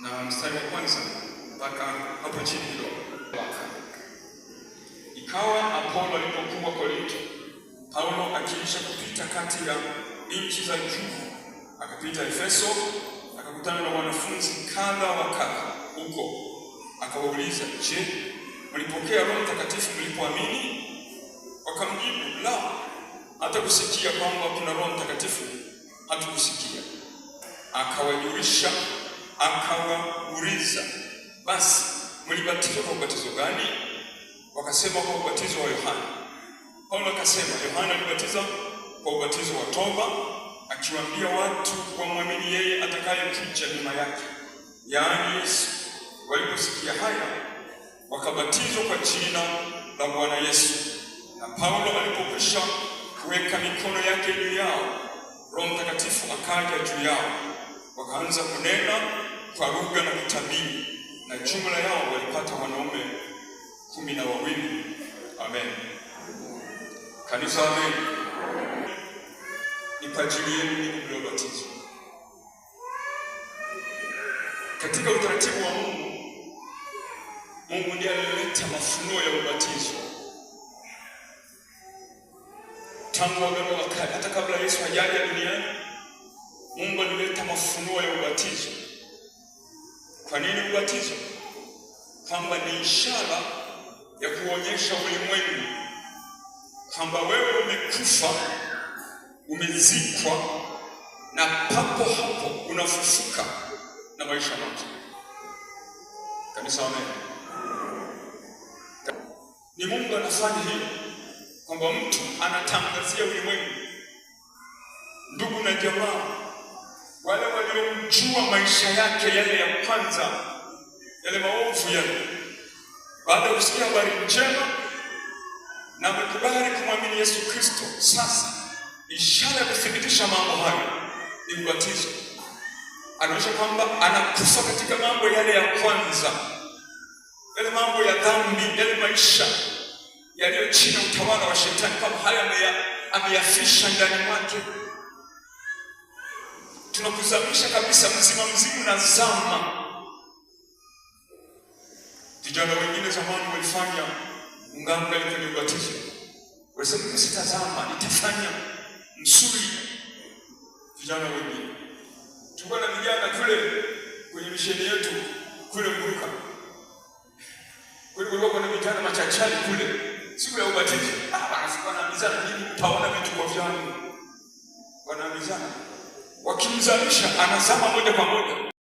na mstari wa kwanza mpaka hapo chini kidogo. Ikawa Apolo alipokuwa Korinto, Paulo akiisha kupita kati ya nchi za juu, akapita Efeso, akakutana na wanafunzi kadha wa kadha huko, akawauliza, je, mlipokea Roho Mtakatifu mlipoamini? Wakamjibu, la, hata kusikia kwamba kuna Roho Mtakatifu hatukusikia. Akawajulisha akawauliza, basi mlibatizwa kwa ubatizo gani? Wakasema kwa ubatizo wa Yohana. Paulo akasema Yohana alibatiza kwa ubatizo wa toba, akiwaambia watu wamwamini yeye atakayekuja nyuma yake, yaani Yesu. Waliposikia haya, wakabatizwa kwa jina la Bwana Yesu. Na Paulo alipokwisha kuweka mikono yake juu yao, Roho Mtakatifu akaja juu yao, wakaanza kunena kwa lugha na kitabii, na jumla yao walipata wanaume kumi na wawili. Amen. Kanisa, amen. Ni kwa ajili yenu ninyi mliobatizwa katika utaratibu wa Mungu. Mungu ndiye alileta mafunuo ya ubatizo tangu agano la kale, hata kabla Yesu hajaja duniani. Mungu alileta mafunuo ya ubatizo kwa nini ubatizo? Kwamba ni ishara ya kuonyesha ulimwengu kwamba wewe umekufa, umezikwa, na papo hapo unafufuka na maisha mapya. Kanisa, amen. Ni Mungu anafanya hiyo, kwamba mtu anatangazia ulimwengu, ndugu na jamaa wamemjua maisha yake yale ya kwanza, yale maovu yale. Baada ya kusikia habari njema na amekubali kumwamini Yesu Kristo, sasa ishara ya kuthibitisha mambo hayo ni ubatizo. Anaonyesha kwamba anakufa katika mambo yale ya kwanza, yale mambo ya dhambi, yale maisha yaliyo chini ya utawala wa Shetani, kama haya ameyafisha ndani mwake tunakuzamisha kabisa, mzima mzima na zama. Vijana wengine zamani walifanya ungamgali kwenye ubatizo, walisema sitazama, nitafanya msuri. Vijana wengine tulikuwa na vijana kule kwenye misheni yetu kule Mburuka, kulikuwa kuna vijana machachari kule, siku ya ubatizo ah, wanaambizana nini, utaona vitu kwa vyanu, wanaamizana wakimzalisha anazama moja kwa moja